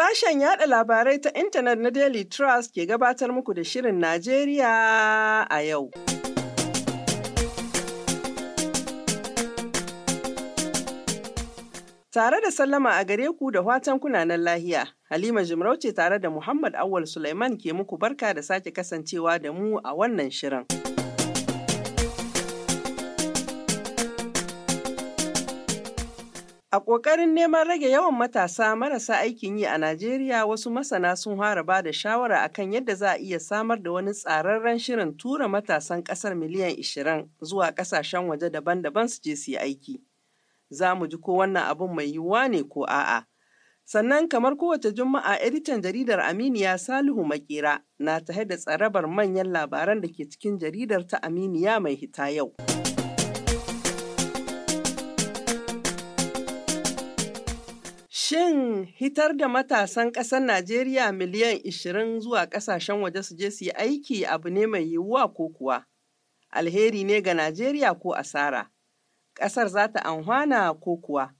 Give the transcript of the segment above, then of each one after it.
Sashen yada labarai ta intanet na Daily Trust ke gabatar muku da Shirin Najeriya a yau. Tare da sallama a gare ku da watan kunanan lahiya, Halima Jimarauce tare da Muhammad Awal Sulaiman ke muku barka da sake kasancewa da mu a wannan shirin. A ƙoƙarin neman rage yawan matasa marasa aikin yi a Najeriya wasu masana sun fara ba da shawara akan yadda za a iya samar da wani tsararren shirin tura matasan ƙasar miliyan 20 zuwa ƙasashen waje daban-daban su je su yi aiki. Za mu ji ko wannan abin mai yiwuwa ne ko a'a. Sannan kamar kowace juma'a editan jaridar Aminiya Salihu Makera na ta da tsarabar manyan labaran da ke cikin jaridar ta Aminiya mai hita yau. Shin hitar da matasan ƙasar Najeriya miliyan 20 zuwa ƙasashen waje su je su yi aiki abu ne mai yiwuwa ko kuwa? Alheri ne ga Najeriya ko asara? Ƙasar za ta anhwana ko kuwa?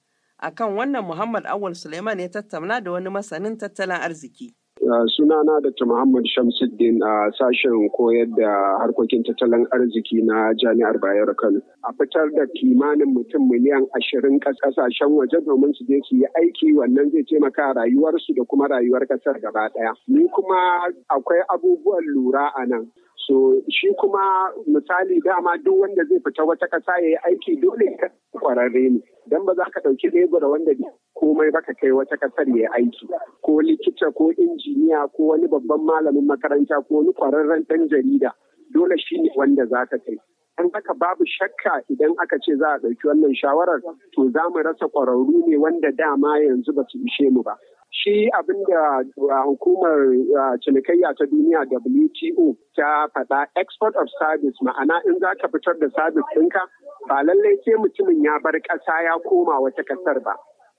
Akan wannan Muhammad Awul Suleiman ya tattauna da wani masanin tattalin arziki. Uh, sunana da ta Muhammad Shamsuddin a uh, sashen koyar da harkokin tattalin arziki na Jami'ar Bayero Kano. A fitar da kimanin mutum miliyan ashirin kasashen waje domin su je su yi aiki wannan zai taimaka rayuwarsu da kuma rayuwar kasar gaba ɗaya. Ni kuma akwai abubuwan lura a nan. So shi kuma misali dama duk wanda zai fita wata kasa ya yi aiki dole ka kwararre ne. Dan ba za ka ɗauki lebura wanda komai ba ka kai wata ƙasar ya yi aiki. Ko likita ko injiniya ko wani babban malamin makaranta ko wani kwararren ɗan jarida dole shi ne wanda za ka kai. don haka babu shakka idan aka ce za a ɗauki wannan shawarar to za mu rasa ƙwararru ne wanda dama yanzu ba su ishe mu ba shi abin da uh, hukumar uh, cinikayya ta duniya WTO ta faɗa export of service ma'ana in za ka fitar da sabis ɗinka ba lallai sai mutumin ya bar ƙasa ya koma wata ƙasar ba.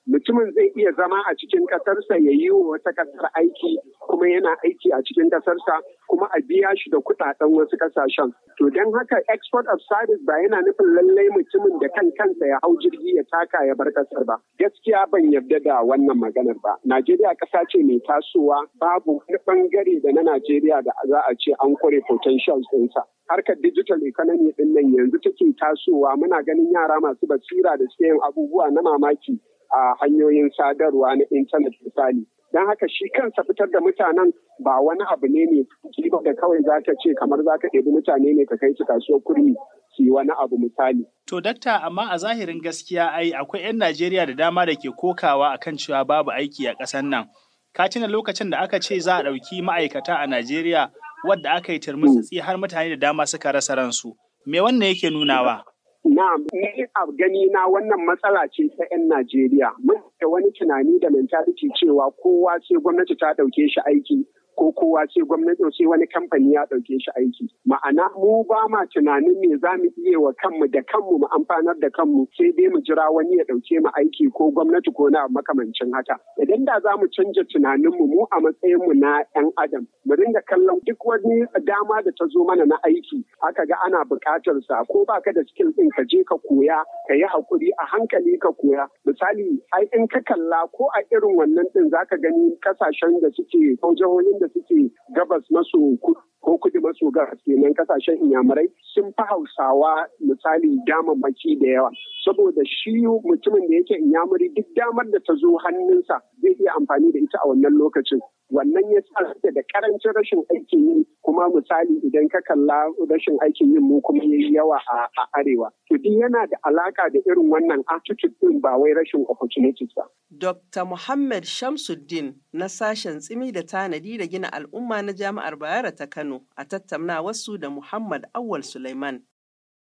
mutumin zai iya zama a cikin ƙasarsa ya yi wa wata ƙasar aiki kuma yana aiki a cikin ƙasarsa kuma a biya shi da kuɗaɗen wasu ƙasashen. To don haka export of service ba yana nufin lallai mutumin da kan kansa ya hau jirgi ya taka ya bar ƙasar ba. Gaskiya ban yarda da wannan maganar ba. Najeriya ƙasa ce mai tasowa babu wani ɓangare da na Najeriya da za a ce an kware potentials ɗinsa. harkar digital economy din nan yanzu take tasowa muna ganin yara masu basira da suke yin abubuwa na mamaki a hanyoyin sadarwa na intanet misali don haka shi kansa fitar da mutanen ba wani abu ne ne ba da kawai za ka ce kamar za ka ɗebi mutane ne ka kai su kasuwar kurmi su yi wani abu misali. To dakta amma a zahirin gaskiya ai akwai 'yan Najeriya da dama da ke kokawa a kan cewa babu aiki a ƙasar nan. Ka tuna lokacin da aka ce za a ɗauki ma'aikata a Najeriya wadda aka yi turmutsitsi har mutane da dama suka rasa ransu. Me wannan yake nunawa? Na'am, ni a gani na wannan matsala ce ta 'yan Najeriya. Mun da wani tunani da mentality cewa kowa sai gwamnati ta ɗauke shi aiki ko kowa ce gwamnati sai wani kamfani ya ɗauke shi aiki ma'ana mu ba ma tunanin me za mu iya wa kanmu da kanmu mu amfanar da kanmu sai dai mu jira wani ya ɗauke mu aiki ko gwamnati ko na makamancin haka idan da za mu canja tunaninmu mu a matsayinmu na 'yan adam mu ringa kallon duk wani dama da ta zo mana na aiki aka ga ana buƙatar sa ko baka da skill ɗin ka je ka koya ka yi hakuri a hankali ka koya misali ai in ka kalla ko a irin wannan ɗin zaka gani kasashen da suke ko jihohin da suke gabas maso kudu ko kudu maso gabas kenan kasashen inyamurai sun fi hausawa misali damammaki da yawa saboda shi mutumin da yake inyamuri duk damar da ta zo hannunsa zai iya amfani da ita a wannan lokacin wannan ya sa suke da karancin rashin aikin yi kuma misali idan ka kalla rashin aikin yin mu kuma yi yawa a arewa to duk yana da alaka da irin wannan attitude din ba wai rashin opportunities ba Dr. Muhammad Shamsuddin na sashen tsimi da tanadi da gina al'umma na Jami'ar Bayero ta Kano a tattauna wasu da Muhammad Awwal Sulaiman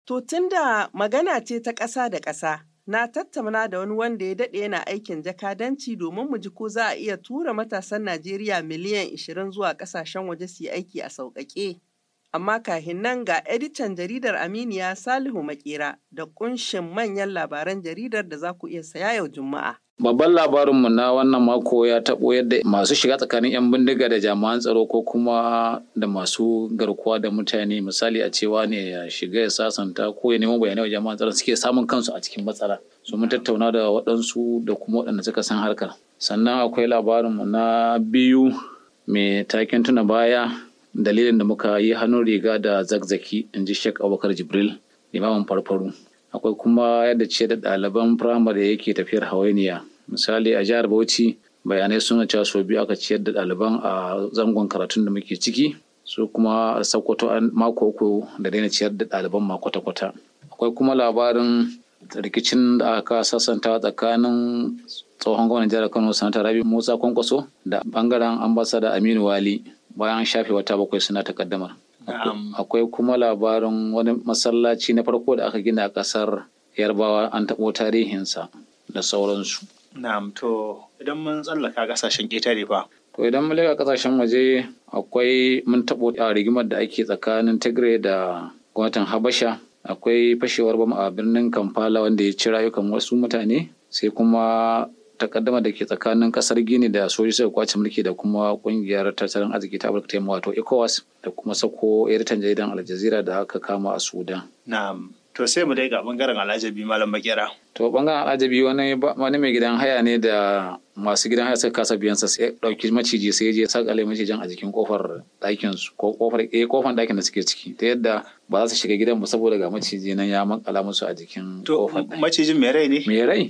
To tunda magana ce ta ƙasa da ƙasa Na tattauna da wani wanda ya daɗe yana aikin jakadanci domin mu ji ko za a iya tura matasan Najeriya miliyan 20 zuwa ƙasashen waje su yi aiki a sauƙaƙe. Amma kahin nan ga editan jaridar Aminiya Salihu Makera da kunshin manyan labaran jaridar da za ku iya saya yau Juma'a. Babban labarinmu na wannan mako ya taɓo yadda masu shiga tsakanin 'yan bindiga da jami'an tsaro ko kuma da masu garkuwa da mutane misali a cewa ne ya shiga ya sasanta ko ya neman bayanai wa jami'an tsaro suke samun kansu a cikin matsala. su mun tattauna da waɗansu da kuma waɗanda suka san harkar. Sannan akwai labarinmu na biyu mai takin tuna baya dalilin da muka yi hannun riga da zakzaki in ji shek abokar Jibril limamin farfaru. Akwai kuma yadda ce da ɗaliban firamare yake tafiyar hawainiya. Misali a jihar Bauchi bayanai suna cewa sau biyu aka ciyar da ɗaliban a zangon karatun da muke ciki su kuma sakkwato mako uku da daina ciyar da ɗaliban ma kwata-kwata. Akwai kuma labarin rikicin da aka sasanta tsakanin tsohon gwamnan jihar Kano Sanata Rabi Musa Kwankwaso da bangaren ambasada Aminu Wali bayan shafe wata bakwai suna takaddamar akwai kuma labarin wani masallaci na farko da aka gina a ƙasar yarbawa an taɓo tarihinsa da sauransu na'am to idan mun tsallaka ƙasashen ƙetare ba. to idan mun leka ƙasashen waje akwai mun taɓo a rigimar da ake tsakanin tigray da gwamnatin habasha akwai fashewar bam a birnin kampala wanda ya ci rayukan wasu mutane sai kuma takaddama da ke tsakanin kasar gini da soji suka kwace mulki da kuma kungiyar tattalin arziki ta afirka ta to ecowas da kuma sako editan jaridan aljazira da aka kama a sudan na'am to sai mu dai ga bangaren alajabi malam makera to bangaren alajabi wani wani mai gidan haya ne da masu gidan haya suka kasa biyan sa sai dauki maciji sai je sakale macijin a jikin kofar dakin su ko kofar eh kofar dakin da suke ciki ta yadda ba za su shiga gidan ba saboda ga maciji nan ya makala musu a jikin kofar to macijin mai rai ne mai rai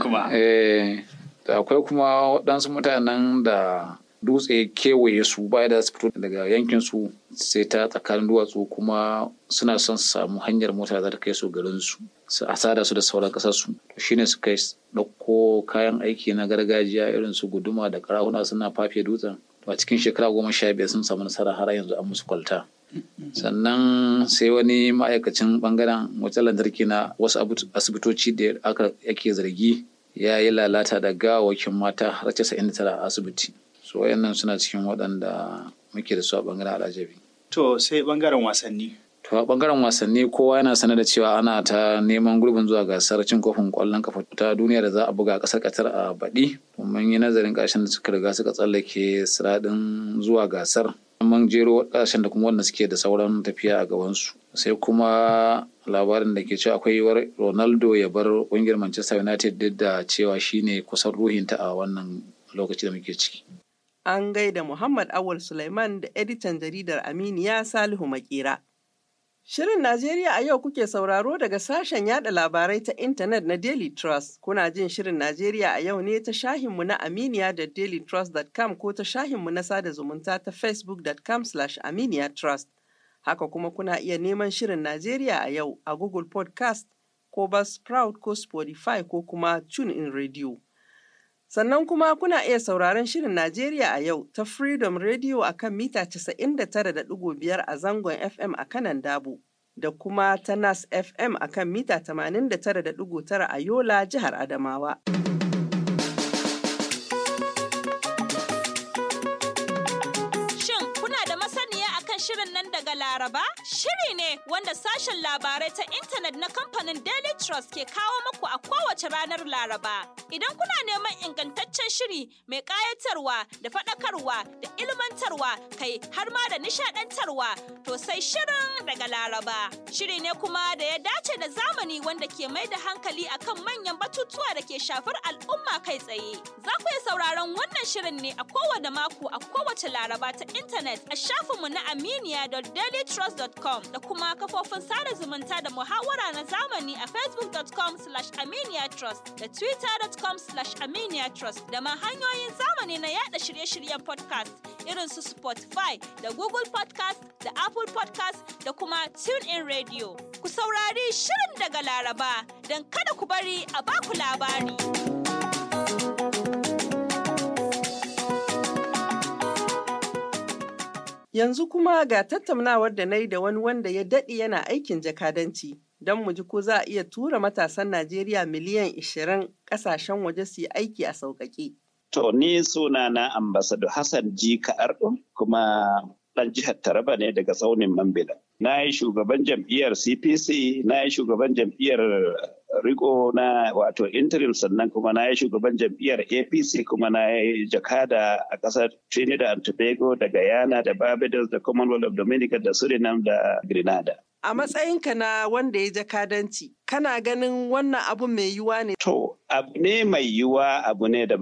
kuma eh akwai kuma waɗansu mutanen da dutse kewaye su baya da su fito daga yankin su sai ta tsakanin duwatsu kuma suna son su samu hanyar mota za ta kai su garin su su asada su da sauran kasar su shine kai ɗauko kayan aiki na gargajiya irin su guduma da karahuna suna fafe dutsen a cikin shekara goma sha biyar sun samu nasara har yanzu an musu kwalta sannan sai wani ma'aikacin bangaren wutar lantarki na wasu asibitoci da aka yake zargi ya yi lalata da gawakin mata har tara a asibiti so wayannan suna cikin waɗanda muke da su a bangaren alajabi to sai bangaren wasanni to a bangaren wasanni kowa yana sanar da cewa ana ta neman gurbin zuwa gasar cin kofin kwallon kafa ta duniya da za a buga a kasar katar a baɗi mun yi nazarin ƙashin da suka riga suka tsallake siradin zuwa gasar mun jero ƙasashen da kuma wanda suke da sauran tafiya a gabansu sai kuma labarin da ke cewa akwai yiwuwar ronaldo ya bar ƙungiyar manchester united duk da cewa shine kusan ruhinta a wannan lokaci da muke ciki an gaida muhammad awal suleiman da editan jaridar aminiya salihu makera Shirin Najeriya a yau kuke sauraro daga sashen yada labarai ta intanet na Daily Trust. Kuna jin Shirin Najeriya a yau ne ta shahinmu na Aminiya da dailytrust.com ko ta shahinmu na sada zumunta ta facebook.com slash aminiyatrust. Haka kuma kuna iya neman Shirin Najeriya a yau a Google Podcast ko Buzzsprout ko Spotify ko kuma TuneIn Radio. Sannan kuma kuna iya sauraron Shirin Najeriya a yau ta Freedom Radio a kan mita 99.5 a zangon FM a kanan Dabo da kuma ta Nas FM a kan mita 89.9 a Yola, Jihar Adamawa. shirin nan daga Laraba shiri ne wanda sashen labarai ta intanet na kamfanin Daily Trust ke kawo maku a kowace ranar Laraba. Idan kuna neman ingantaccen shiri mai ƙayatarwa da faɗakarwa da ilmantarwa kai har ma da nishaɗantarwa to sai shirin daga Laraba. Shiri ne kuma da ya dace da zamani wanda ke mai da hankali akan manyan batutuwa da ke shafar al'umma kai tsaye. Za ku iya sauraron wannan shirin ne a kowane mako a kowace Laraba ta intanet a shafinmu na ami aminiya.dailytrust.com da kuma kafofin sada zumunta da muhawara na zamani a facebook.com slash aminiyatrust da twitter.com slash aminiyatrust da ma hanyoyin zamani na yada shirye-shiryen podcast irin su Spotify da Google podcast da Apple podcast da kuma TuneIn Radio. Ku saurari shirin daga Laraba don kada ku bari a baku labari. Yanzu kuma ga tattaunawar da na yi da wani wanda ya daɗe yana aikin jakadanci, don mu ji ko za a iya tura matasan Najeriya miliyan 20 ƙasashen waje su yi aiki a sauƙaƙe. To, ni suna na ambasado Hassan G. Ka'ardo kuma ɗan jihar Taraba ne daga tsaunin Mambila. Na yi shugaban jam'iyyar CPC, na yi shugaban jam'iyyar riko na wato interim sannan kuma na yi shugaban jam'iyyar apc kuma na yi jakada a ƙasar trinidad and tobago da guyana da barbados da commonwealth of dominica da suriname da grenada a matsayinka na wanda ya jakadanci kana ganin wannan abu mai yiwuwa ne to abu ne mai yiwuwa abu ne da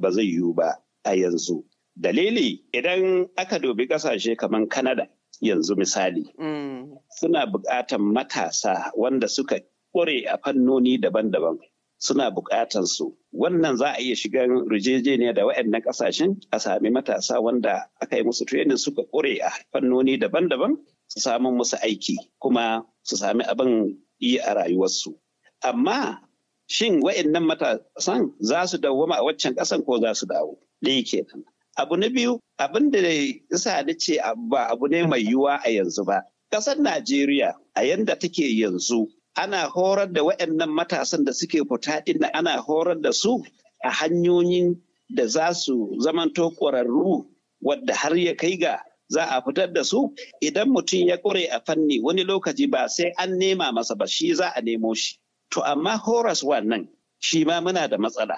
ba zai yiwu ba a yanzu dalili idan aka dubi ƙasashe kamar canada yanzu misali mm. suna buƙatan matasa wanda suka kore a fannoni daban-daban suna bukatan su wannan za a iya shiga rijejeniya da waɗannan ƙasashen a sami matasa wanda aka yi musu trenin suka kore a fannoni daban-daban su samu musu aiki kuma su sami abin yi a rayuwarsu amma shin waɗannan matasan za su dawo a waccan ƙasan ko za su dawo ɗaya kenan abu na biyu abin da isa da ce ba abu ne mai yiwuwa a yanzu ba ƙasar najeriya a yanda take yanzu ana horar da waɗannan matasan da suke fita inda ana horar da su a hanyoyin da za su zamanto ƙwararru wadda har ya kai ga za a fitar da su idan mutum ya ƙure a fanni wani lokaci ba sai an nema masa ba shi za a nemo shi. To amma horas wannan shi ma muna da matsala.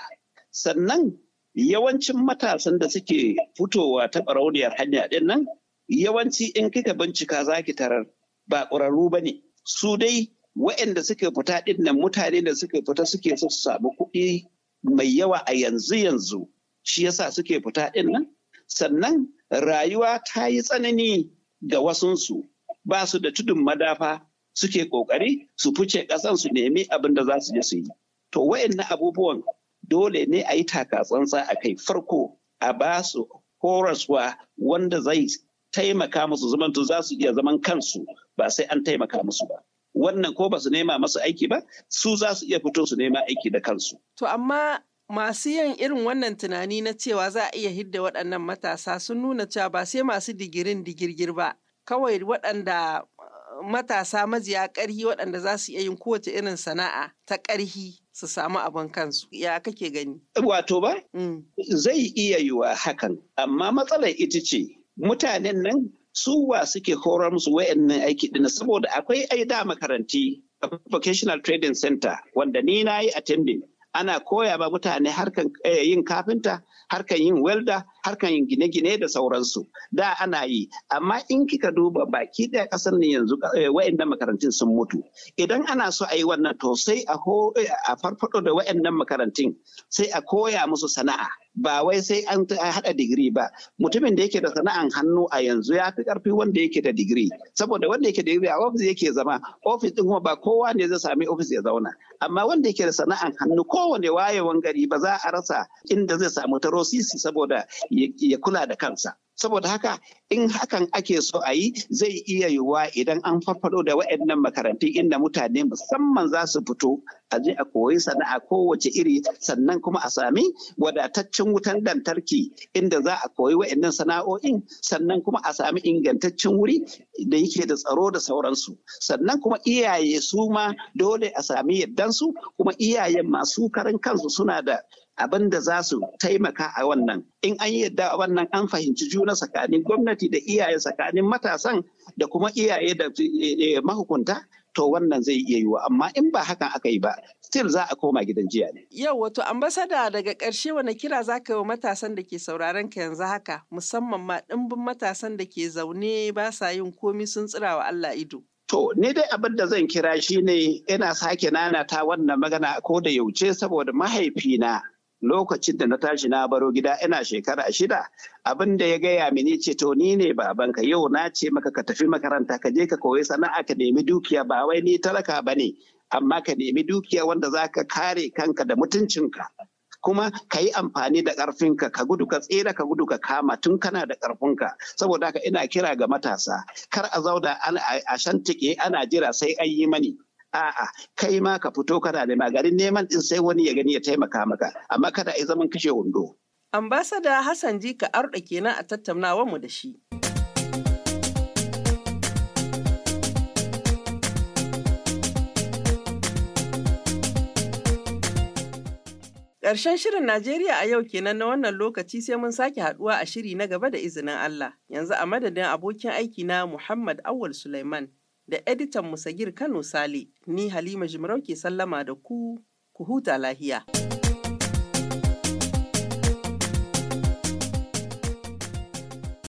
Sannan yawancin matasan da suke fitowa ta ɓarauniyar hanya ɗin nan yawanci in kika bincika za ki tarar ba ƙwararru ba ne. Su dai waɗanda suke fita ɗin mutane da suke fita suke so su samu kuɗi mai yawa a yanzu yanzu shi yasa suke fita ɗin sannan rayuwa ta yi tsanani ga wasunsu ba su da tudun madafa suke ƙoƙari su fice ƙasan su nemi abin da za su je su yi to waɗannan abubuwan dole ne a yi takatsantsa a kai farko a ba su horaswa wanda zai taimaka musu zamantu za su iya zaman kansu ba sai an taimaka musu ba. wannan ko ba su nema masu aiki ba su za su iya fito su nema aiki da kansu. To amma masu yin irin wannan tunani na cewa za a iya hidda waɗannan matasa sun nuna cewa ba sai masu digirin digirgir ba kawai waɗanda eh, matasa majiya ƙarhi waɗanda za su iya yin kowace irin sana'a ta ƙarhi su samu abin kansu ya kake gani. Wato ba? Mm. Zai iya yiwa hakan amma matsalar ita ce mutanen nan su wa suke horar musu wa'annan aiki dina saboda akwai ai da makaranti vocational trading center wanda ni na yi attending ana koya ba mutane harkan eh, yin kafinta harkan yin welda harkan yin gine-gine da sauransu da ana yi amma in kika duba baki ɗaya ƙasar ne yanzu eh, wa'annan makarantun sun mutu idan ana so a yi wannan to sai a eh, farfado da wa'annan makarantun sai a koya musu sana'a ba wai sai an haɗa digiri ba mutumin da yake da sana'an hannu a yanzu ya fi ƙarfi wanda yake da digiri saboda wanda yake da digiri a ofis yake zama ofis ɗin kuma ba kowa ne zai sami ofis ya zauna amma wanda yake da sana'an hannu kowane wayewan gari ba za a rasa inda zai samu tarosisi saboda ya kula da kansa saboda haka in hakan ake so a yi zai iya yiwuwa idan an farfado da waɗannan makarantun inda mutane musamman za su fito a je a koyi sana'a kowace iri sannan kuma a sami wadataccen wutan lantarki inda za a koyi waɗannan sana'o'in sannan kuma a sami ingantaccen wuri da yake da tsaro da sauransu sannan kuma iyaye su ma dole a sami yaddansu kuma iyayen masu karan kansu suna da abin da za su taimaka a wannan in an yadda wannan an fahimci juna tsakanin gwamnati da iyaye tsakanin matasan da kuma iyaye da eh, eh, mahukunta to wannan zai iya yiwa amma in ba hakan aka yi ba still za a koma gidan jiya ne. Yau wato ambasada daga ƙarshe wani kira za ka yi wa matasan da ke sauraron ka yanzu haka musamman ma ɗimbin matasan da ke zaune ba sa yin komi sun tsira wa Allah ido. To, ni dai abin da zan kira shi ne ina sake ta wannan magana ko da yauce saboda mahaifina lokacin da na tashi na baro gida ina shekara shida abin da ya gaya mini ce to ni ne babanka yau na ce maka ka tafi makaranta ka je ka koyi sana'a ka nemi dukiya ba wai ni talaka ba ne amma ka nemi dukiya wanda za ka kare kanka da mutuncinka kuma ka yi amfani da ƙarfinka ka gudu ka tsira ka gudu ka kama tun kana da ƙarfinka saboda haka ina kira ga matasa kar a zauna a shantike ana jira sai an yi mani a'a kai ma ka fito kana da magarin neman din sai wani ya gani ya taimaka maka amma kada ai zaman kashe wando ambasada hassan ka arda kenan a tattaunawar mu da shi Ƙarshen shirin Najeriya a yau kenan na wannan lokaci sai mun sake haduwa a shiri na gaba da izinin Allah. Yanzu a madadin abokin aiki na Muhammad Awul Suleiman. da editan Musagir Kano Sale, ni Halima Jimarau ke sallama da ku, ku huta lahiya.